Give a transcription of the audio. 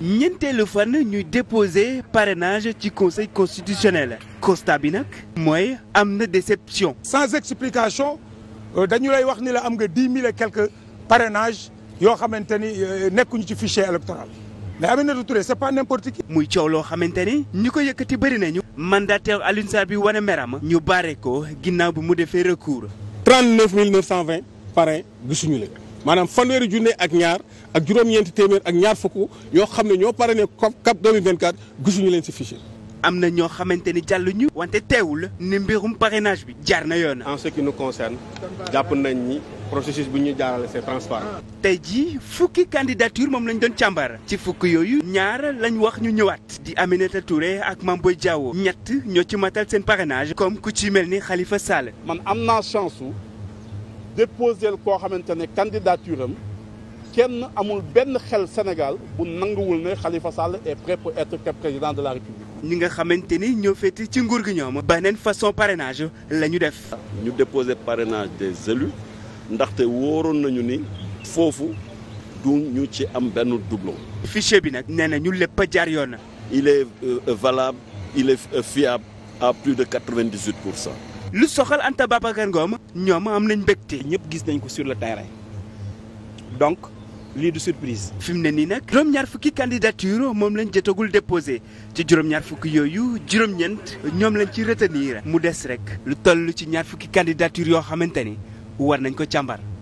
ñenteelu fan ñuy déposer parrainage ci conseil constitutionnel costa bi nag mooy am na déception. sans explication euh, dañu lay wax ni la am nga dix mille et parenage yoo xamante ni euh, nekkuñu ci fichier électoral mais Aminata Touré c'est pas n'importe qui. muy coow loo xamante ni ñi ko yëkkati bëri nañu. mandataire Alioune Sarr bi wane meram. ñu bare ko ginnaaw bi mu defee recours. trente neuf mille neuf cent vingt parrain gisuñu leen. maanaam fanweeri junne ak ñaar ak juróom-ñeenti téeméer ak ñaar fukk ñoo xam ne ñoo pare ne CAP 2024 gisuñu leen ci am na ñoo xamante ni jàll ñu. wante teewul ni mbirum parrainage bi jaar na yoon. en ce qui nous concerne jàpp nañ ni processus bu ñuy jaarale c'est transparent. tey jii fukki candidature moom lañ doon càmbar. ci fukk yooyu ñaar lañu wax ñu ñëwaat. di Aminata Touré ak Mame Boye Diao. ñett ñoo ci matal seen parrainage. comme ku ci mel ni Khalifa Sall. man am naa chance déposé koo xamante ne candidature am kenn amul benn xel Sénégal bu nanguwul ne Khalifa Sall est prêt pour être président de la République. ñi nga xamante ni ñoo féete ci nguur gi ñoom. beneen façon parrainage la ñu def. ñu déposé parrainage des élus ndaxte wóoroon nañu ni foofu du ñu ci am benn doublon. fichier bi nag nee na ñu lépp a jaar yoon na. il est euh, valable il est euh, fiable a plus de quatre vingt dix pour cent. lu soxal Anta Babacar Ngom ñoom am nañ mbégte. ñëpp gis nañ ko sur le terrain donc lii du surprise. fi mu ne nii nag juróom-ñaar fukki candidature moom lañ jotagul déposé ci juróom-ñaar fukki yooyu juróom-ñeent ñoom lañ ci retenir. mu des rek lu toll ci ñaar fukki candidature yoo xamante ni war nañ ko càmbar.